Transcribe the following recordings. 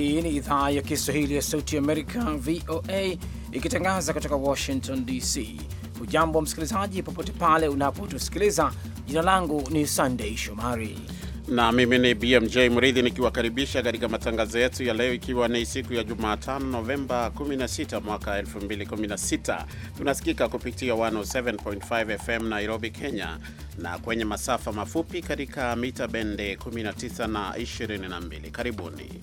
Hii ni idhaa ya Kiswahili ya Sauti Amerika, VOA, ikitangaza kutoka Washington DC. Hujambo msikilizaji, popote pale unapotusikiliza. Jina langu ni Sandei Shomari na mimi ni BMJ Mridhi nikiwakaribisha katika matangazo yetu ya leo, ikiwa ni siku ya Jumatano Novemba 16 mwaka 2016. Tunasikika kupitia 107.5 FM Nairobi, Kenya, na kwenye masafa mafupi katika mita bende 19 na 22. Karibuni.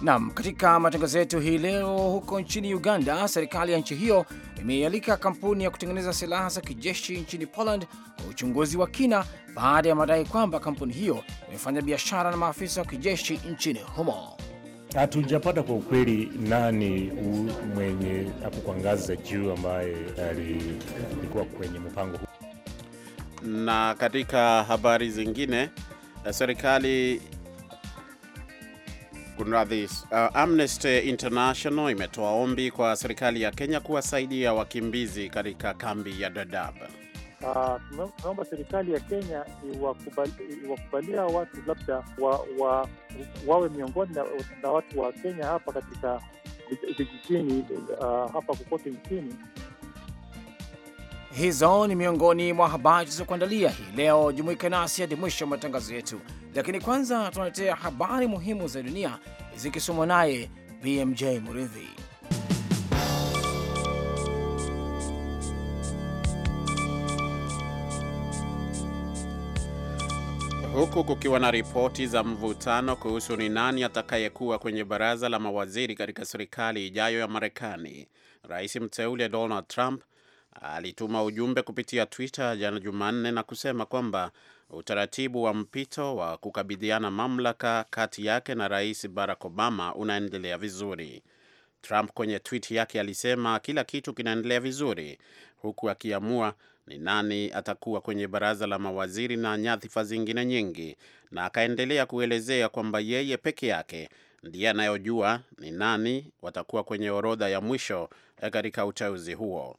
Nam, katika matangazo yetu hii leo, huko nchini Uganda, serikali ya nchi hiyo imeialika kampuni ya kutengeneza silaha za kijeshi nchini Poland kwa uchunguzi wa kina baada ya madai kwamba kampuni hiyo imefanya biashara na maafisa wa kijeshi nchini humo. Hatujapata kwa ukweli nani mwenye hapo kwa ngazi za juu ambaye alikuwa kwenye mpango huu. Na katika habari zingine, eh, serikali kunradhi, uh, Amnesty International imetoa ombi kwa serikali ya Kenya kuwasaidia wakimbizi katika kambi ya Dadaab. Ah, tumeomba serikali ya Kenya iwakubalia watu labda wa, wa, wawe miongoni na, na watu wa Kenya hapa katika vijijini uh, hapa kokote nchini. Hizo ni miongoni mwa habari tulizokuandalia hii leo. Jumuika nasi hadi mwisho wa matangazo yetu, lakini kwanza tunaletea habari muhimu za dunia zikisomwa naye BMJ Muridhi. huku kukiwa na ripoti za mvutano kuhusu ni nani atakayekuwa kwenye baraza la mawaziri katika serikali ijayo ya Marekani. Rais mteule Donald Trump alituma ujumbe kupitia Twitter jana Jumanne na kusema kwamba utaratibu wa mpito wa kukabidhiana mamlaka kati yake na Rais Barack Obama unaendelea vizuri. Trump kwenye tweet yake alisema kila kitu kinaendelea vizuri, huku akiamua ni nani atakuwa kwenye baraza la mawaziri na nyadhifa zingine nyingi, na akaendelea kuelezea kwamba yeye peke yake ndiye anayojua ni nani watakuwa kwenye orodha ya mwisho eh, katika uteuzi huo.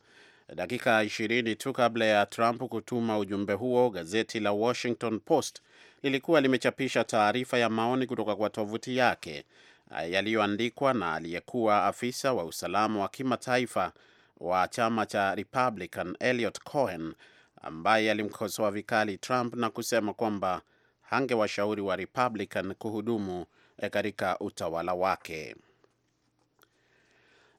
Dakika 20 tu kabla ya Trump kutuma ujumbe huo, gazeti la Washington Post lilikuwa limechapisha taarifa ya maoni kutoka kwa tovuti yake eh, yaliyoandikwa na aliyekuwa afisa wa usalama wa kimataifa wa chama cha Republican Elliot Cohen ambaye alimkosoa vikali Trump na kusema kwamba washauri wa Republican kuhudumu eh, katika utawala wake.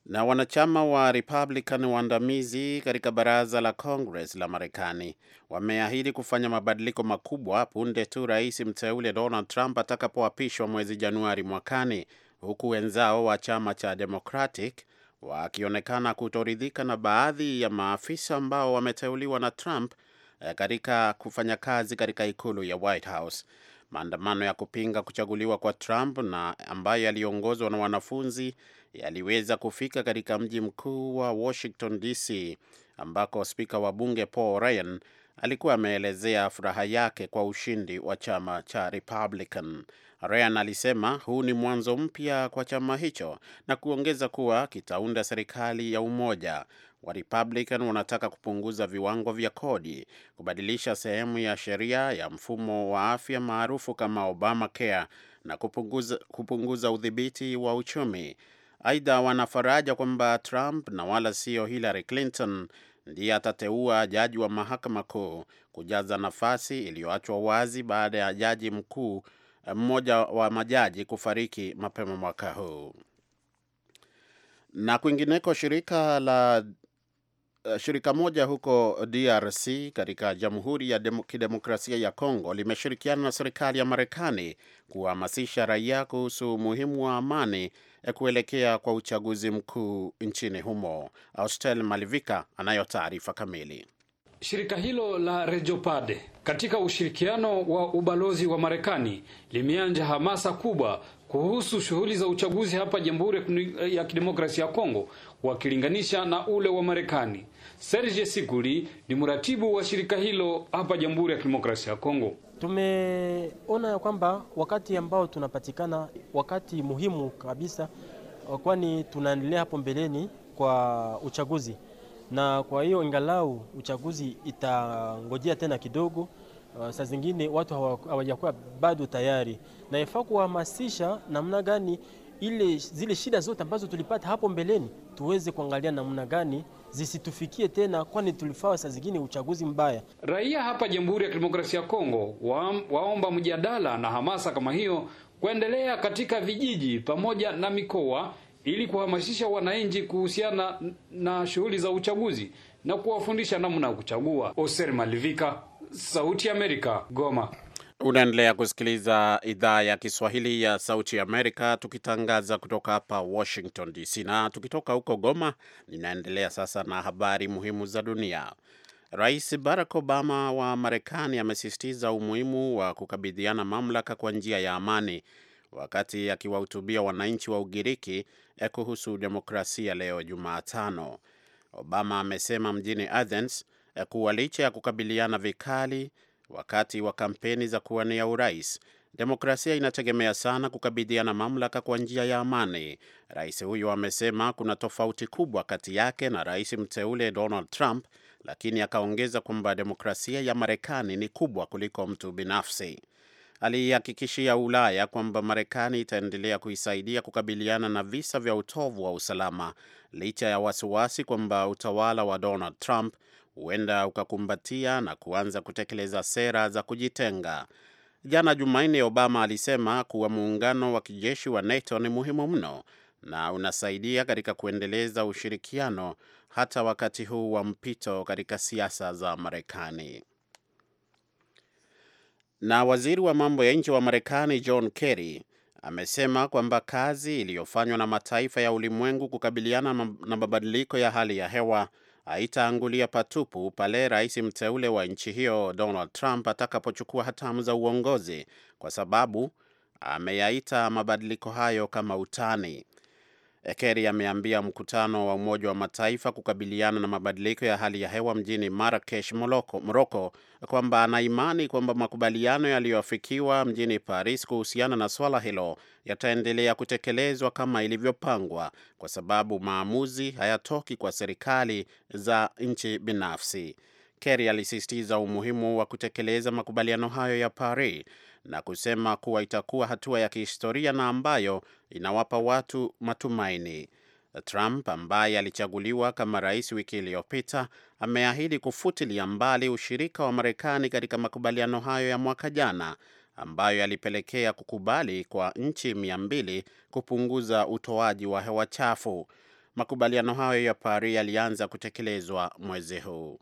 Na wanachama wa Republican waandamizi katika baraza la Congress la Marekani wameahidi kufanya mabadiliko makubwa punde tu rais mteule Donald Trump atakapoapishwa mwezi Januari mwakani, huku wenzao wa chama cha Democratic wakionekana kutoridhika na baadhi ya maafisa ambao wameteuliwa na Trump eh, katika kufanya kazi katika ikulu ya White House. Maandamano ya kupinga kuchaguliwa kwa Trump na ambayo yaliongozwa na wanafunzi yaliweza kufika katika mji mkuu wa Washington DC ambako spika wa bunge Paul Ryan alikuwa ameelezea furaha yake kwa ushindi wa chama cha Republican. Ryan alisema huu ni mwanzo mpya kwa chama hicho na kuongeza kuwa kitaunda serikali ya umoja. Wa Republican wanataka kupunguza viwango vya kodi, kubadilisha sehemu ya sheria ya mfumo wa afya maarufu kama Obamacare na kupunguza, kupunguza udhibiti wa uchumi. Aidha, wanafaraja kwamba Trump na wala sio Hillary Clinton ndiye atateua jaji wa mahakama kuu kujaza nafasi iliyoachwa wazi baada ya jaji mkuu eh, mmoja wa majaji kufariki mapema mwaka huu. Na kwingineko, shirika la eh, shirika moja huko DRC katika Jamhuri ya Kidemokrasia ya Kongo limeshirikiana na serikali ya Marekani kuhamasisha raia kuhusu umuhimu wa amani ya kuelekea kwa uchaguzi mkuu nchini humo. Austel Malivika anayo taarifa kamili. Shirika hilo la Rejopade katika ushirikiano wa ubalozi wa Marekani limeanja hamasa kubwa kuhusu shughuli za uchaguzi hapa Jamhuri ya Kidemokrasia ya Kongo wakilinganisha na ule wa Marekani. Serge Sikuli ni mratibu wa shirika hilo hapa Jamhuri ya Kidemokrasia ya Kongo. Tumeona ya kwamba wakati ambao tunapatikana wakati muhimu kabisa, uh, kwani tunaendelea hapo mbeleni kwa uchaguzi, na kwa hiyo ingalau uchaguzi itangojea tena kidogo, uh, saa zingine watu hawajakuwa bado tayari, na ifaa kuhamasisha namna gani ile zile shida zote ambazo tulipata hapo mbeleni tuweze kuangalia namna gani zisitufikie tena, kwani tulifaa saa zingine uchaguzi mbaya. Raia hapa Jamhuri ya Kidemokrasia ya Kongo wa, waomba mjadala na hamasa kama hiyo kuendelea katika vijiji pamoja na mikoa ili kuhamasisha wananchi kuhusiana na, shughuli za uchaguzi na kuwafundisha namna ya kuchagua. Oser Malivika, Sauti ya Amerika, Goma. Unaendelea kusikiliza idhaa ya Kiswahili ya Sauti ya Amerika, tukitangaza kutoka hapa Washington DC. Na tukitoka huko Goma, ninaendelea sasa na habari muhimu za dunia. Rais Barack Obama wa Marekani amesisitiza umuhimu wa kukabidhiana mamlaka kwa njia ya amani wakati akiwahutubia wananchi wa Ugiriki eh, kuhusu demokrasia leo Jumatano. Obama amesema mjini Athens eh, kuwa licha ya kukabiliana vikali wakati wa kampeni za kuwania urais, demokrasia inategemea sana kukabidhiana mamlaka kwa njia ya amani. Rais huyo amesema kuna tofauti kubwa kati yake na rais mteule Donald Trump, lakini akaongeza kwamba demokrasia ya Marekani ni kubwa kuliko mtu binafsi. Aliihakikishia Ulaya kwamba Marekani itaendelea kuisaidia kukabiliana na visa vya utovu wa usalama licha ya wasiwasi kwamba utawala wa Donald Trump huenda ukakumbatia na kuanza kutekeleza sera za kujitenga. Jana Jumanne, Obama alisema kuwa muungano wa kijeshi wa NATO ni muhimu mno na unasaidia katika kuendeleza ushirikiano hata wakati huu wa mpito katika siasa za Marekani. Na waziri wa mambo ya nje wa Marekani John Kerry amesema kwamba kazi iliyofanywa na mataifa ya ulimwengu kukabiliana na mabadiliko ya hali ya hewa haitaangulia patupu pale rais mteule wa nchi hiyo Donald Trump atakapochukua hatamu za uongozi, kwa sababu ameyaita mabadiliko hayo kama utani. Ekeri ameambia mkutano wa Umoja wa Mataifa kukabiliana na mabadiliko ya hali ya hewa mjini marakesh Moroko, kwamba ana imani kwamba makubaliano yaliyoafikiwa mjini Paris kuhusiana na swala hilo yataendelea kutekelezwa kama ilivyopangwa, kwa sababu maamuzi hayatoki kwa serikali za nchi binafsi. Kerry alisisitiza umuhimu wa kutekeleza makubaliano hayo ya Paris na kusema kuwa itakuwa hatua ya kihistoria na ambayo inawapa watu matumaini. Trump ambaye alichaguliwa kama rais wiki iliyopita ameahidi kufutilia mbali ushirika wa Marekani katika makubaliano hayo ya mwaka jana ambayo yalipelekea kukubali kwa nchi mia mbili kupunguza utoaji wa hewa chafu. Makubaliano hayo ya Paris yalianza kutekelezwa mwezi huu.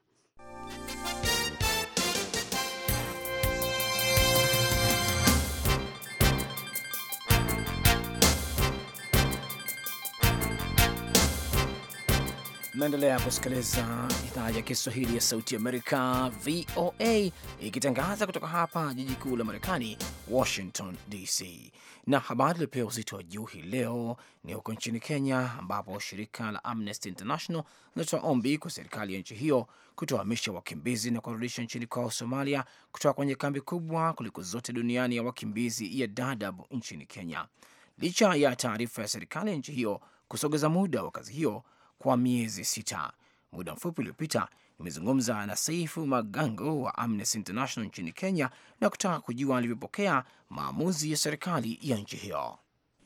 Naendelea kusikiliza idhaa ya Kiswahili ya Sauti Amerika, VOA, ikitangaza kutoka hapa jiji kuu la Marekani, Washington DC. Na habari iliyopewa uzito wa juu hii leo ni huko nchini Kenya, ambapo shirika la Amnesty International linatoa ombi kwa serikali ya nchi hiyo kutohamisha wakimbizi na kuwarudisha nchini kwao Somalia, kutoka kwenye kambi kubwa kuliko zote duniani ya wakimbizi ya Dadaab nchini Kenya, licha ya taarifa ya serikali ya nchi hiyo kusogeza muda wa kazi hiyo kwa miezi sita. Muda mfupi uliopita imezungumza na Saifu Magango wa Amnesty International nchini Kenya na kutaka kujua alivyopokea maamuzi ya serikali ya nchi hiyo.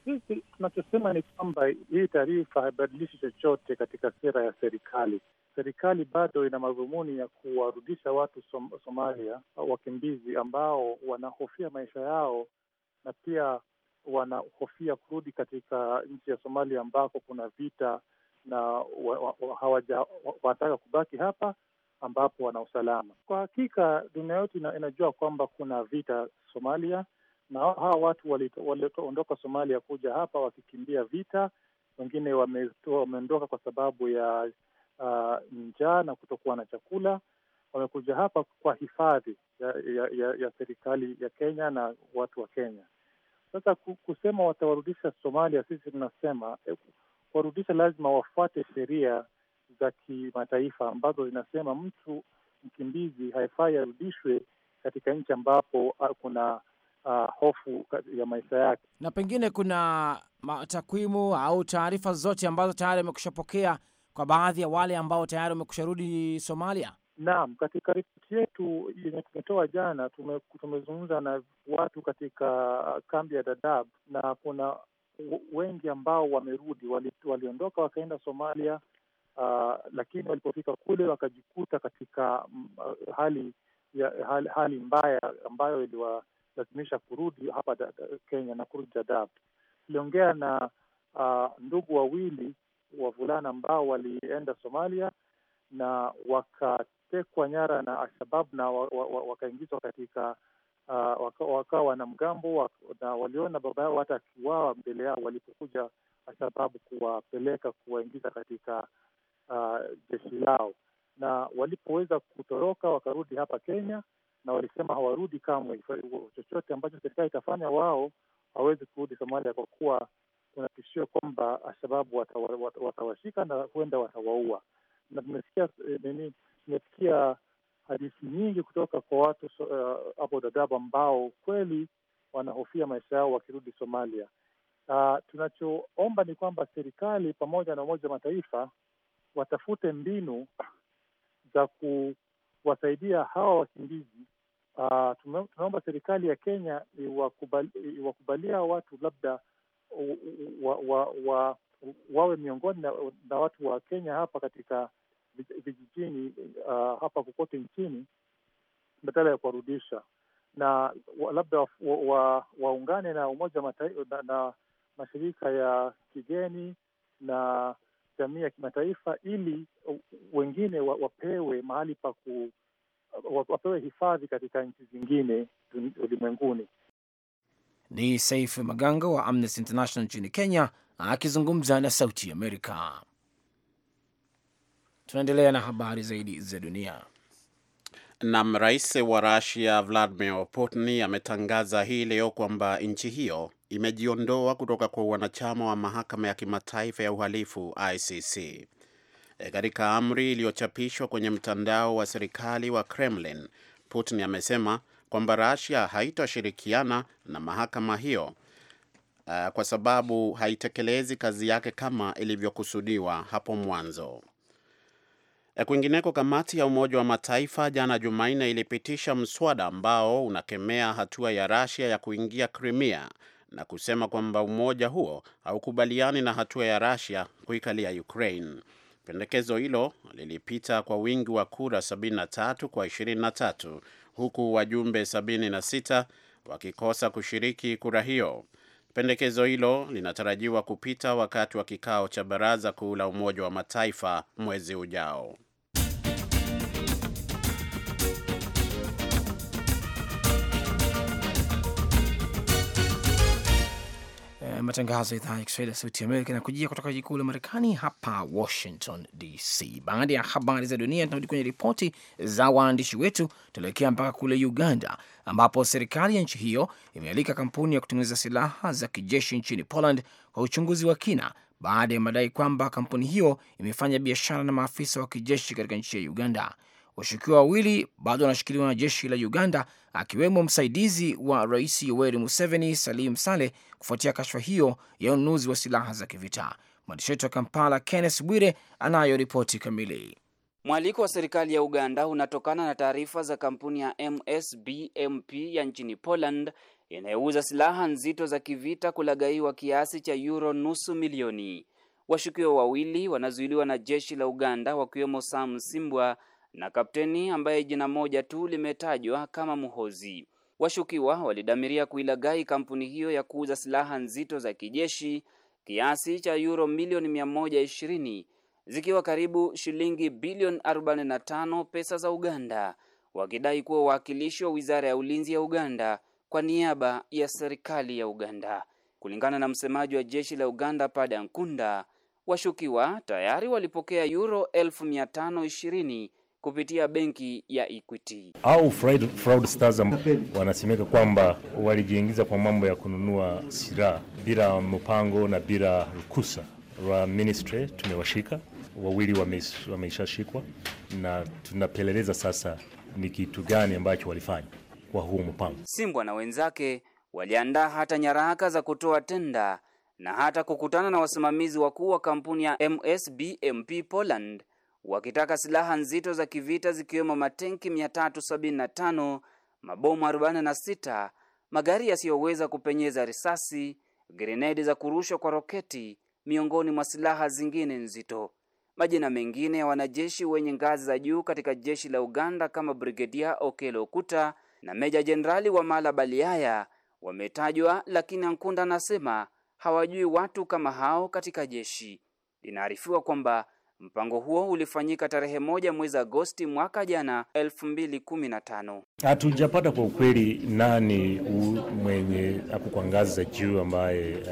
Sisi tunachosema ni kwamba hii taarifa haibadilishi chochote katika sera ya serikali. Serikali bado ina madhumuni ya kuwarudisha watu som Somalia, wakimbizi ambao wanahofia maisha yao na pia wanahofia kurudi katika nchi ya Somalia ambako kuna vita na hawajawataka kubaki hapa ambapo wana usalama. Kwa hakika dunia yote ina, inajua kwamba kuna vita Somalia, na hawa watu walioondoka wali Somalia kuja hapa wakikimbia vita, wengine wameondoka kwa sababu ya uh, njaa na kutokuwa na chakula. Wamekuja hapa kwa hifadhi ya, ya, ya, ya serikali ya Kenya na watu wa Kenya. Sasa kusema watawarudisha Somalia, sisi tunasema kuwarudisha lazima wafuate sheria za kimataifa ambazo zinasema mtu mkimbizi haifai arudishwe katika nchi ambapo kuna uh, hofu ya maisha yake. Na pengine kuna takwimu au taarifa zote ambazo tayari amekushapokea kwa baadhi ya wale ambao tayari wamekusha rudi Somalia. Naam, katika ripoti yetu yenye tumetoa jana, tumezungumza na watu katika kambi ya Dadaab na kuna wengi ambao wamerudi wali, waliondoka wakaenda Somalia uh, lakini walipofika kule wakajikuta katika mm, uh, hali ya, hali, hali mbaya ambayo iliwalazimisha kurudi hapa da, Kenya na kurudi Dadaab. Tuliongea na uh, ndugu wawili wavulana ambao walienda Somalia na wakatekwa nyara na Alshabab na wakaingizwa wa, wa, wa katika uh, wakawa waka wanamgambo waka, na waliona baba yao hata akiwawa mbele yao walipokuja Alshababu kuwapeleka kuwaingiza katika uh, jeshi lao, na walipoweza kutoroka wakarudi hapa Kenya, na walisema hawarudi kamwe, chochote ambacho serikali itafanya wao hawawezi kurudi Somalia kwa kuwa kuna tishio kwamba Alshababu watawashika wata, wata na huenda watawaua. Na tumesikia eh, nini, tumesikia hadithi nyingi kutoka kwa watu uh, Abu dadabu ambao kweli wanahofia maisha yao wakirudi Somalia. Uh, tunachoomba ni kwamba serikali pamoja na Umoja wa Mataifa watafute mbinu za kuwasaidia hawa wakimbizi. Uh, tunaomba serikali ya Kenya iwakubalia watu labda wa, wa, wa, wa miongoni na, na watu wa Kenya hapa katika vijijini uh, hapa kokote nchini badala ya kuwarudisha na labda waungane wa, wa na Umoja Mataifa na, na mashirika ya kigeni na jamii ya kimataifa ili wengine wa, wapewe mahali pa ku wapewe hifadhi katika nchi zingine ulimwenguni. Ni Saif Maganga wa Amnesty International nchini Kenya akizungumza na Sauti Amerika. Tunaendelea na habari zaidi za dunia. Nam, rais wa Rusia Vladimir Putin ametangaza hii leo kwamba nchi hiyo imejiondoa kutoka kwa wanachama wa mahakama ya kimataifa ya uhalifu ICC. E, katika amri iliyochapishwa kwenye mtandao wa serikali wa Kremlin, Putin amesema kwamba Rusia haitoshirikiana na mahakama hiyo uh, kwa sababu haitekelezi kazi yake kama ilivyokusudiwa hapo mwanzo. Kwingineko, kamati ya Umoja wa Mataifa jana Jumanne ilipitisha mswada ambao unakemea hatua ya Russia ya kuingia Crimea na kusema kwamba umoja huo haukubaliani na hatua ya Russia kuikalia Ukraine. Pendekezo hilo lilipita kwa wingi wa kura 73 kwa 23 huku wajumbe 76 wakikosa kushiriki kura hiyo. Pendekezo hilo linatarajiwa kupita wakati wa kikao cha Baraza Kuu la Umoja wa Mataifa mwezi ujao. Matangazo ya idhaa ya Kiswahili ya Sauti Amerika yanakujia kutoka jiji kuu la Marekani, hapa Washington DC. Baada ya habari za dunia, tunarudi kwenye ripoti za waandishi wetu. Tunaelekea mpaka kule Uganda, ambapo serikali ya nchi hiyo imealika kampuni ya kutengeneza silaha za kijeshi nchini Poland kwa uchunguzi wa kina baada ya madai kwamba kampuni hiyo imefanya biashara na maafisa wa kijeshi katika nchi ya Uganda. Washukiwa wawili bado wanashikiliwa na jeshi la Uganda akiwemo msaidizi wa rais Yoweri Museveni, Salim Saleh, kufuatia kashfa hiyo ya ununuzi wa silaha za kivita. Mwandishi wetu wa Kampala, Kenneth Bwire, anayo ripoti kamili. Mwaliko wa serikali ya Uganda unatokana na taarifa za kampuni ya MSBMP ya nchini Poland inayouza silaha nzito za kivita kulagaiwa kiasi cha euro nusu milioni. Washukiwa wawili wanazuiliwa na jeshi la Uganda wakiwemo Sam Simbwa na kapteni ambaye jina moja tu limetajwa kama Muhozi. Washukiwa walidamiria kuilagai kampuni hiyo ya kuuza silaha nzito za kijeshi kiasi cha euro milioni 120 zikiwa karibu shilingi bilioni 45 pesa za Uganda, wakidai kuwa wawakilishi wa Wizara ya Ulinzi ya Uganda kwa niaba ya serikali ya Uganda. Kulingana na msemaji wa jeshi la Uganda Pada Nkunda, washukiwa tayari walipokea euro 520 kupitia benki ya Equity. Au fraud, fraudsters wanasemeka kwamba walijiingiza kwa mambo ya kununua silaha bila mpango na bila rukusa wa ministry. Tumewashika wawili, wameishashikwa na tunapeleleza sasa ni kitu gani ambacho walifanya kwa huo mpango. Simbwa na wenzake waliandaa hata nyaraka za kutoa tenda na hata kukutana na wasimamizi wakuu wa kampuni ya MSBMP Poland wakitaka silaha nzito za kivita zikiwemo matenki 375, mabomu 46, magari yasiyoweza kupenyeza risasi, grenedi za kurushwa kwa roketi, miongoni mwa silaha zingine nzito. Majina mengine ya wanajeshi wenye ngazi za juu katika jeshi la Uganda kama Brigedia okelo Okuta na Meja Jenerali wa mala Baliaya wametajwa, lakini Ankunda anasema hawajui watu kama hao katika jeshi. Inaarifiwa kwamba Mpango huo ulifanyika tarehe moja mwezi Agosti mwaka jana 2015. Hatujapata kwa ukweli nani mwenye ako kwa ngazi za juu ambaye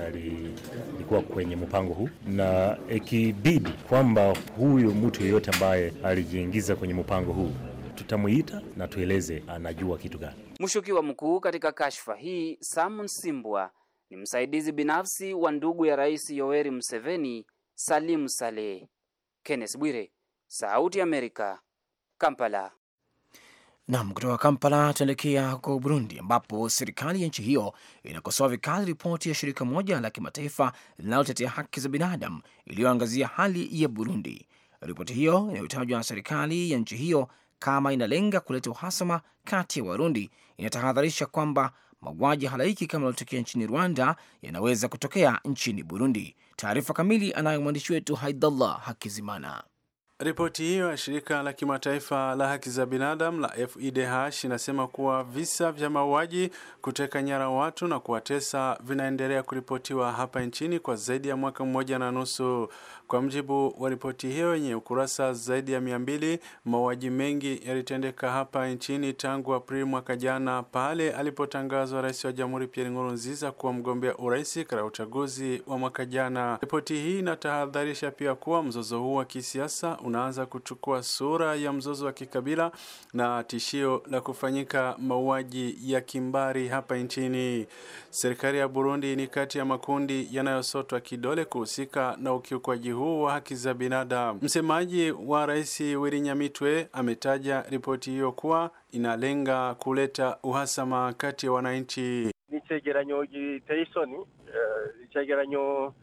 alikuwa kwenye mpango huu, na ikibidi kwamba huyo mtu yeyote ambaye alijiingiza kwenye mpango huu tutamuita na tueleze anajua kitu gani. Mshukiwa mkuu katika kashfa hii Sam Simbwa ni msaidizi binafsi wa ndugu ya Rais Yoweri Museveni, Salim Saleh. Kenneth Bwire, Sauti ya Amerika, Kampala. Nam, kutoka Kampala tunaelekea huko Burundi, ambapo serikali ya nchi hiyo inakosoa vikali ripoti ya shirika moja la kimataifa linalotetea haki za binadamu iliyoangazia hali ya Burundi. Ripoti hiyo inayotajwa na serikali ya nchi hiyo kama inalenga kuleta uhasama kati ya Warundi inatahadharisha kwamba mauaji halaiki kama yaliyotokea nchini Rwanda yanaweza kutokea nchini Burundi. Taarifa kamili anayo mwandishi wetu Haidallah Hakizimana. Ripoti hiyo ya shirika la kimataifa la haki za binadamu la FIDH inasema kuwa visa vya mauaji, kuteka nyara watu na kuwatesa vinaendelea kuripotiwa hapa nchini kwa zaidi ya mwaka mmoja na nusu. Kwa mjibu wa ripoti hiyo yenye ukurasa zaidi ya mia mbili, mauaji mengi yalitendeka hapa nchini tangu Aprili mwaka jana pale alipotangazwa rais wa jamhuri Pierre Nkurunziza kuwa mgombea urais katika uchaguzi wa mwaka jana. Ripoti hii inatahadharisha pia kuwa mzozo huu wa kisiasa unaanza kuchukua sura ya mzozo wa kikabila na tishio la kufanyika mauaji ya kimbari hapa nchini. Serikali ya Burundi ni kati ya makundi yanayosotwa kidole kuhusika na ukiukwaji huu wa haki za binadamu. Msemaji wa Rais Willy Nyamitwe ametaja ripoti hiyo kuwa inalenga kuleta uhasama kati ya wananchi. Ni chegeranyo giteye isoni, uh, eh, ichegeranyo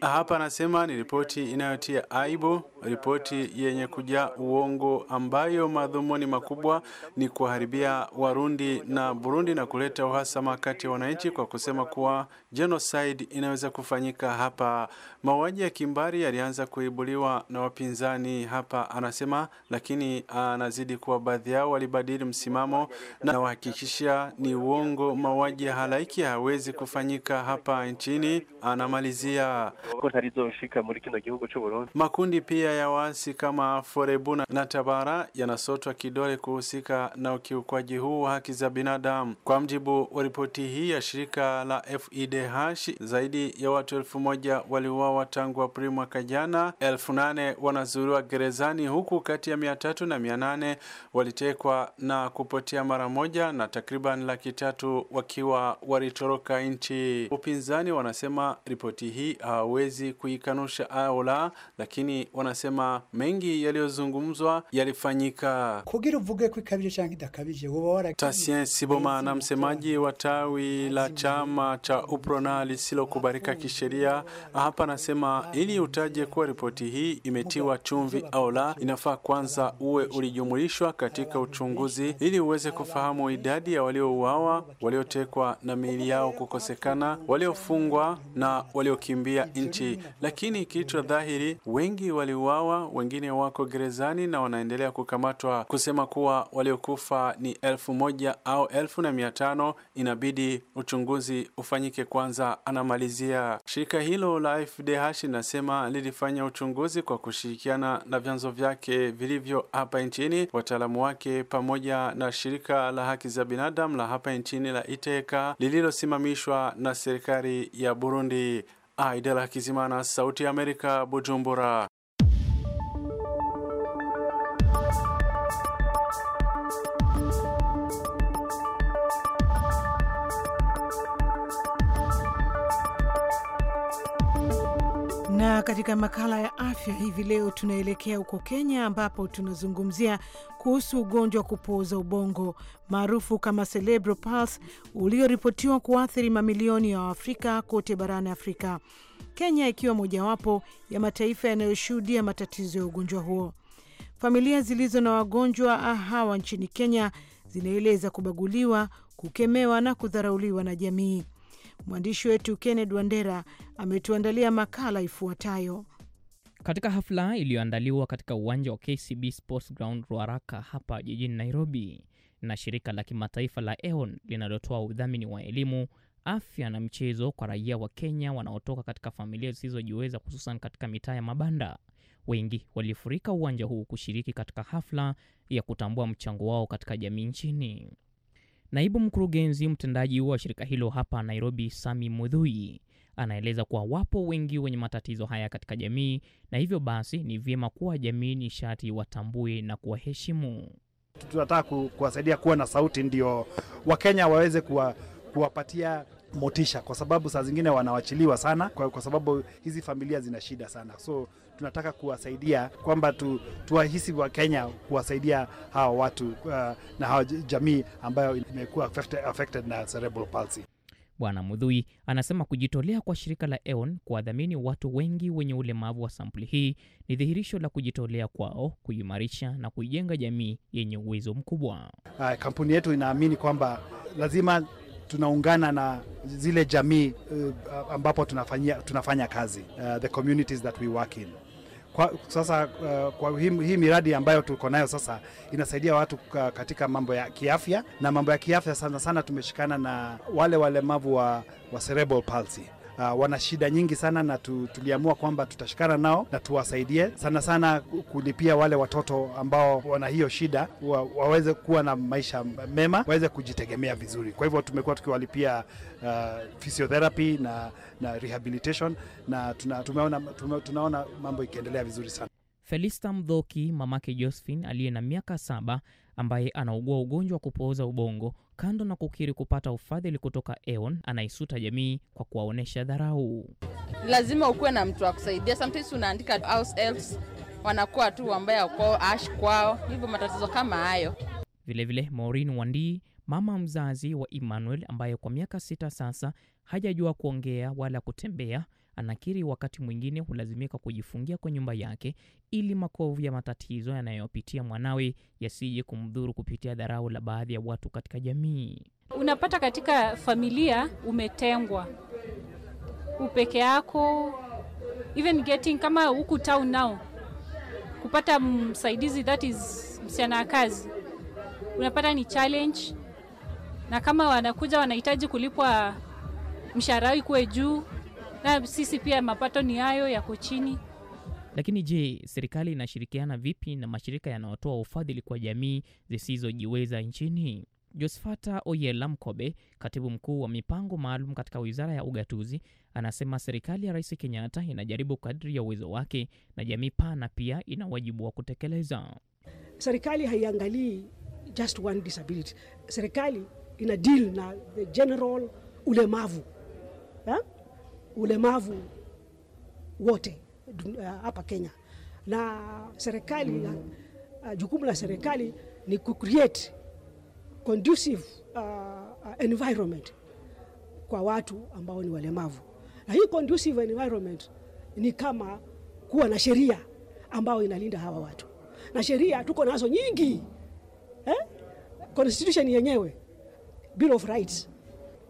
Ah, hapa anasema ni ripoti inayotia aibu, ripoti yenye kujaa uongo, ambayo madhumuni makubwa ni kuharibia Warundi na Burundi na kuleta uhasama kati ya wananchi, kwa kusema kuwa genocide inaweza kufanyika hapa. Mauaji ya kimbari yalianza kuibuliwa na wapinzani hapa, anasema, lakini ah, anazidi kuwa baadhi yao walibadili msimamo na wahakikisha ni uongo, mauaji ya halaiki hawezi kufanyika hapa nchini, anamalizia pia muri kino gihugu Makundi pia ya waasi kama Forebuna na Tabara yanasotwa kidole kuhusika na ukiukwaji huu wa haki za binadamu. Kwa mjibu wa ripoti hii ya shirika la FIDH, zaidi ya watu elfu moja waliuawa tangu Aprili mwaka jana, elfu nane wanazuriwa gerezani, huku kati ya mia tatu na mia nane walitekwa na kupotea mara moja na takriban laki tatu wakiwa walitoroka nchi. Upinzani wanasema ripoti hii hii hawawezi ah, kuikanusha au la, lakini wanasema mengi yaliyozungumzwa yalifanyika. kugira uvuge ko ikabije cyangwa idakabije uba wara Tasien Sibomana, msemaji wa tawi la chama cha UPRONA lisilokubalika kisheria, hapa anasema ili utaje kuwa ripoti hii imetiwa chumvi au la, inafaa kwanza uwe ulijumulishwa katika uchunguzi ili uweze kufahamu idadi ya waliouawa, waliotekwa na miili yao kukosekana, waliofungwa na waliokimbia kukimbia nchi, lakini kichwa dhahiri, wengi waliuawa, wengine wako gerezani na wanaendelea kukamatwa. Kusema kuwa waliokufa ni elfu moja au elfu na mia tano inabidi uchunguzi ufanyike kwanza, anamalizia. Shirika hilo la FDH linasema lilifanya uchunguzi kwa kushirikiana na vyanzo vyake vilivyo hapa nchini, wataalamu wake, pamoja na shirika la haki za binadamu la hapa nchini la Iteka lililosimamishwa na serikali ya Burundi. Aidala Kizimana, Sauti ya Amerika, Bujumbura. katika makala ya afya hivi leo tunaelekea huko Kenya, ambapo tunazungumzia kuhusu ugonjwa wa kupooza ubongo maarufu kama cerebral palsy ulioripotiwa kuathiri mamilioni ya Waafrika kote barani Afrika, Kenya ikiwa mojawapo ya mataifa yanayoshuhudia matatizo ya ugonjwa huo. Familia zilizo na wagonjwa hawa nchini Kenya zinaeleza kubaguliwa, kukemewa na kudharauliwa na jamii. Mwandishi wetu Kenneth Wandera ametuandalia makala ifuatayo. Katika hafla iliyoandaliwa katika uwanja wa KCB Sports Ground Ruaraka hapa jijini Nairobi na shirika la kimataifa la EON linalotoa udhamini wa elimu, afya na michezo kwa raia wa Kenya wanaotoka katika familia zisizojiweza, hususan katika mitaa ya mabanda, wengi walifurika uwanja huu kushiriki katika hafla ya kutambua mchango wao katika jamii nchini. Naibu mkurugenzi mtendaji wa shirika hilo hapa Nairobi, Sami Mudhui, anaeleza kuwa wapo wengi wenye matatizo haya katika jamii, na hivyo basi ni vyema kuwa jamii ni shati watambue na kuwaheshimu. Tunataka kuwasaidia kuwa na sauti, ndio Wakenya waweze kuwa, kuwapatia motisha, kwa sababu saa zingine wanawachiliwa sana kwa, kwa sababu hizi familia zina shida sana so tunataka kuwasaidia kwamba tu, tuwahisi wa Kenya kuwasaidia hawa watu uh, na hawa jamii ambayo imekuwa affected, affected na cerebral palsy. Bwana Mudhui anasema kujitolea kwa shirika la EON kuwadhamini watu wengi wenye ulemavu wa sampuli hii ni dhihirisho la kujitolea kwao kuimarisha na kuijenga jamii yenye uwezo mkubwa. Uh, kampuni yetu inaamini kwamba lazima tunaungana na zile jamii uh, ambapo tunafanya, tunafanya kazi uh, the communities that we work in. Kwa, sasa uh, kwa hii, hii miradi ambayo tuko nayo sasa inasaidia watu katika mambo ya kiafya, na mambo ya kiafya sana sana tumeshikana na wale walemavu wa, wa cerebral palsy uh, wana shida nyingi sana, na tu, tuliamua kwamba tutashikana nao na tuwasaidie sana sana kulipia wale watoto ambao wana hiyo shida wa, waweze kuwa na maisha mema, waweze kujitegemea vizuri. Kwa hivyo tumekuwa tukiwalipia uh, physiotherapy na, na rehabilitation na tuna, tumeona, tume, tunaona mambo ikiendelea vizuri sana. Felista Mdhoki mamake Josephine aliye na miaka saba ambaye anaugua ugonjwa wa kupooza ubongo kando na kukiri kupata ufadhili kutoka EON, anaisuta jamii kwa kuwaonyesha dharau. Lazima ukuwe na mtu wa kusaidia. Sometimes unaandika house elves wanakuwa tu ambao kwao ash kwao, hivyo matatizo kama hayo. Vilevile Maureen Wandii, mama mzazi wa Emmanuel ambaye kwa miaka sita sasa hajajua kuongea wala kutembea Anakiri wakati mwingine hulazimika kujifungia kwa nyumba yake ili makovu ya matatizo yanayopitia mwanawe yasije kumdhuru kupitia dharau la baadhi ya watu katika jamii. Unapata katika familia umetengwa, upeke yako, even getting kama huku town nao kupata msaidizi that is msichana wa kazi unapata ni challenge, na kama wanakuja wanahitaji kulipwa mshahara ikuwe juu na sisi pia mapato ni hayo yako chini. Lakini je, serikali inashirikiana vipi na mashirika yanayotoa ufadhili kwa jamii zisizojiweza nchini? Josfata Oyela Mkobe, katibu mkuu wa mipango maalum katika wizara ya ugatuzi, anasema serikali ya Rais Kenyatta inajaribu kadri ya uwezo wake, na jamii pana pia ina wajibu wa kutekeleza. Serikali haiangalii just one disability. Serikali ina deal na the general ulemavu yeah? ulemavu wote eh, hapa uh, Kenya na serikali uh, jukumu la serikali ni kucreate conducive uh, environment kwa watu ambao ni walemavu, na hii conducive environment ni kama kuwa na sheria ambayo inalinda hawa watu, na sheria tuko nazo nyingi eh? Constitution yenyewe Bill of Rights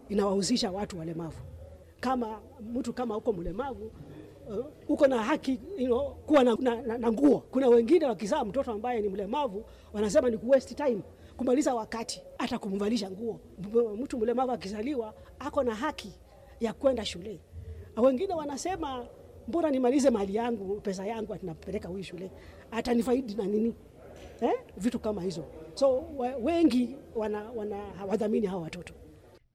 inawahusisha watu walemavu kama mtu kama uko mlemavu uh, uko na haki you know, kuwa na, na, na, na nguo. Kuna wengine wakizaa mtoto ambaye ni mlemavu wanasema ni waste time kumaliza wakati hata kumvalisha nguo. Mtu mlemavu akizaliwa ako na haki ya kwenda shule. Wengine wanasema mbona nimalize mali yangu pesa yangu atinapeleka huyu shule atanifaidi na nini eh? Vitu kama hizo, so wengi wana, wadhamini hawa watoto.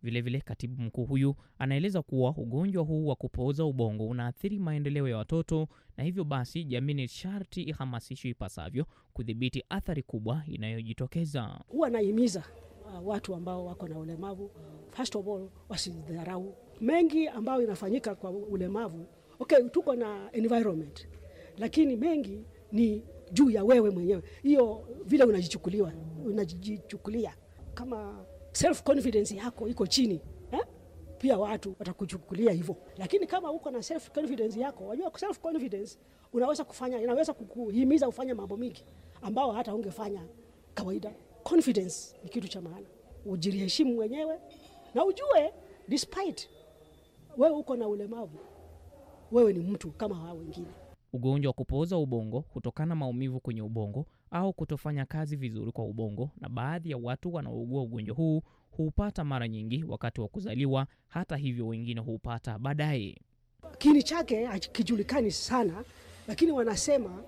Vilevile vile katibu mkuu huyu anaeleza kuwa ugonjwa huu wa kupooza ubongo unaathiri maendeleo ya watoto, na hivyo basi jamii ni sharti ihamasishwe ipasavyo kudhibiti athari kubwa inayojitokeza. Huwa naimiza uh, watu ambao wako na ulemavu uh, first of all wasidharau mengi ambayo inafanyika kwa ulemavu. Okay, tuko na environment, lakini mengi ni juu ya wewe mwenyewe, hiyo vile unajichukuliwa unajichukulia kama self confidence yako iko chini eh? Pia watu watakuchukulia hivyo, lakini kama uko na self confidence yako, wajua self confidence unaweza kufanya, inaweza kukuhimiza ufanye mambo mingi ambao hata ungefanya kawaida. Confidence ni kitu cha maana, ujiheshimu mwenyewe na ujue despite wewe uko na ulemavu, wewe ni mtu kama hao wengine. Ugonjwa wa kupooza ubongo hutokana maumivu kwenye ubongo au kutofanya kazi vizuri kwa ubongo, na baadhi ya watu wanaougua ugonjwa huu huupata mara nyingi wakati wa kuzaliwa. Hata hivyo, wengine huupata baadaye. kini chake hakijulikani sana, lakini wanasema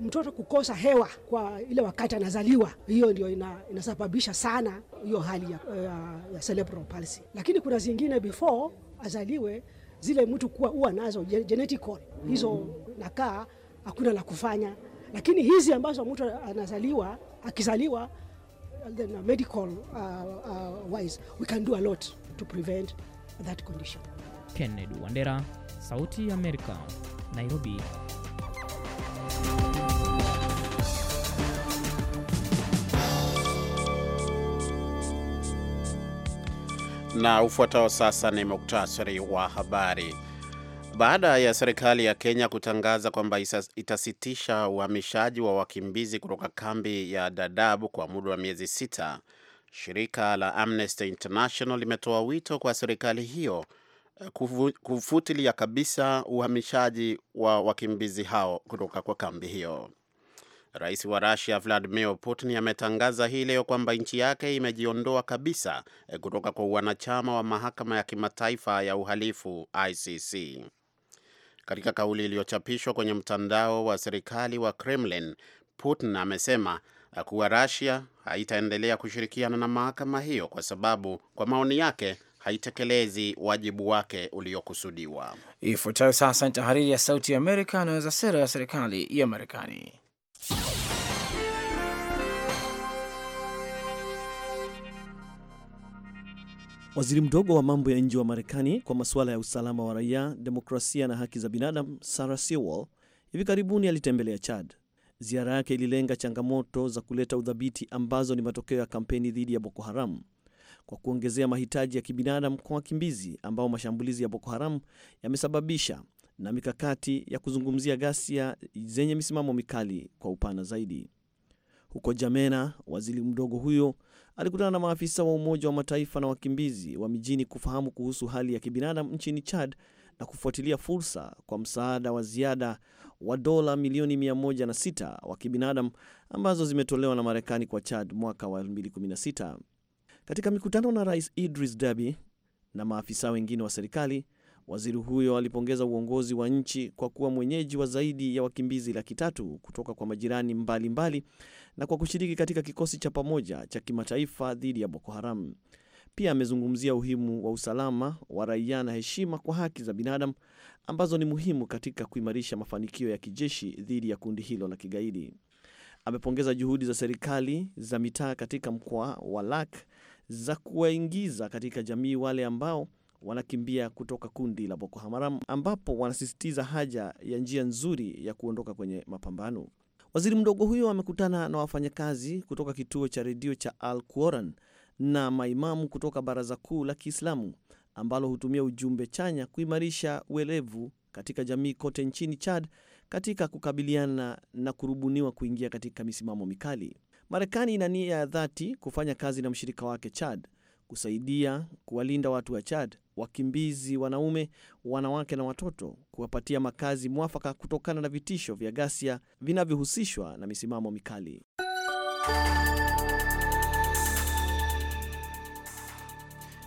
mtoto kukosa hewa kwa ile wakati anazaliwa, hiyo ndio ina, inasababisha sana hiyo hali ya, ya, ya cerebral palsy. Lakini kuna zingine before azaliwe zile mtu kuwa huwa nazo genetical hizo, nakaa hakuna la kufanya lakini hizi ambazo mtu anazaliwa akizaliwa then medical uh, uh, wise we can do a lot to prevent that condition. Kennedy Wandera, Sauti ya Amerika, Nairobi. Na ufuatao sasa ni muktasari wa habari. Baada ya serikali ya Kenya kutangaza kwamba itasitisha uhamishaji wa wakimbizi kutoka kambi ya Dadaab kwa muda wa miezi sita, shirika la Amnesty International limetoa wito kwa serikali hiyo eh, kufutilia kabisa uhamishaji wa wakimbizi hao kutoka kwa kambi hiyo. Rais wa Russia Vladimir Putin ametangaza hii leo kwamba nchi yake imejiondoa kabisa eh, kutoka kwa wanachama wa mahakama ya kimataifa ya uhalifu ICC. Katika kauli iliyochapishwa kwenye mtandao wa serikali wa Kremlin, Putin amesema ah, kuwa Russia haitaendelea kushirikiana na mahakama hiyo kwa sababu kwa maoni yake haitekelezi wajibu wake uliokusudiwa. Ifuatayo sasa ni tahariri ya Sauti ya Amerika anaweza sera ya serikali ya Marekani. Waziri mdogo wa mambo ya nje wa Marekani kwa masuala ya usalama wa raia, demokrasia na haki za binadamu, Sarah Sewall hivi karibuni alitembelea Chad. Ziara yake ililenga changamoto za kuleta udhabiti ambazo ni matokeo ya kampeni dhidi ya Boko Haram kwa kuongezea mahitaji ya kibinadamu kwa wakimbizi ambao mashambulizi ya Boko Haram yamesababisha na mikakati ya kuzungumzia ghasia zenye misimamo mikali kwa upana zaidi. Huko Jamena, waziri mdogo huyo alikutana na maafisa wa Umoja wa Mataifa na wakimbizi wa mijini kufahamu kuhusu hali ya kibinadamu nchini Chad na kufuatilia fursa kwa msaada wa ziada wa dola milioni 106 wa kibinadamu ambazo zimetolewa na Marekani kwa Chad mwaka wa 2016. Katika mikutano na Rais Idris Deby na maafisa wengine wa serikali Waziri huyo alipongeza uongozi wa nchi kwa kuwa mwenyeji wa zaidi ya wakimbizi laki tatu kutoka kwa majirani mbalimbali mbali, na kwa kushiriki katika kikosi cha pamoja cha kimataifa dhidi ya Boko Haram. Pia amezungumzia umuhimu wa usalama wa raia na heshima kwa haki za binadamu ambazo ni muhimu katika kuimarisha mafanikio ya kijeshi dhidi ya kundi hilo la kigaidi. Amepongeza juhudi za serikali za mitaa katika mkoa wa Lak za kuwaingiza katika jamii wale ambao wanakimbia kutoka kundi la Boko Haram, ambapo wanasisitiza haja ya njia nzuri ya kuondoka kwenye mapambano. Waziri mdogo huyo amekutana na wafanyakazi kutoka kituo cha redio cha Al Quran na maimamu kutoka Baraza Kuu la Kiislamu ambalo hutumia ujumbe chanya kuimarisha uelevu katika jamii kote nchini Chad katika kukabiliana na kurubuniwa kuingia katika misimamo mikali. Marekani ina nia ya dhati kufanya kazi na mshirika wake Chad kusaidia kuwalinda watu wa Chad wakimbizi wanaume, wanawake na watoto, kuwapatia makazi mwafaka kutokana na vitisho vya ghasia vinavyohusishwa na misimamo mikali.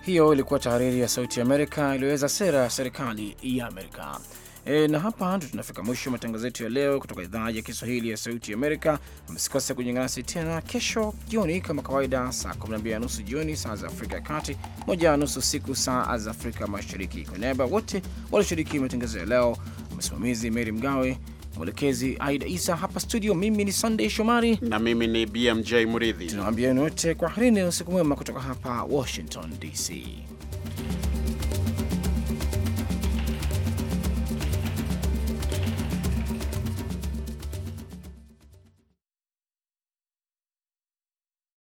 Hiyo ilikuwa tahariri ya Sauti ya Amerika iliyoweza sera ya serikali ya Amerika. E, na hapa ndo tunafika mwisho matangazo yetu ya leo kutoka idhaa ya Kiswahili ya Sauti ya Amerika. Msikose kujiunga nasi tena kesho jioni kama kawaida, saa 12:30 jioni saa za Afrika ya Kati, 1:30 siku saa za Afrika Mashariki. Kwa niaba wote walioshiriki matangazo ya leo, msimamizi Mary Mgawe, mwelekezi Aida Isa, hapa studio, mimi ni Sunday Shomari na mimi ni BMJ Muridhi. Tunawaambia wote kwaherini na usiku mwema kutoka hapa Washington DC.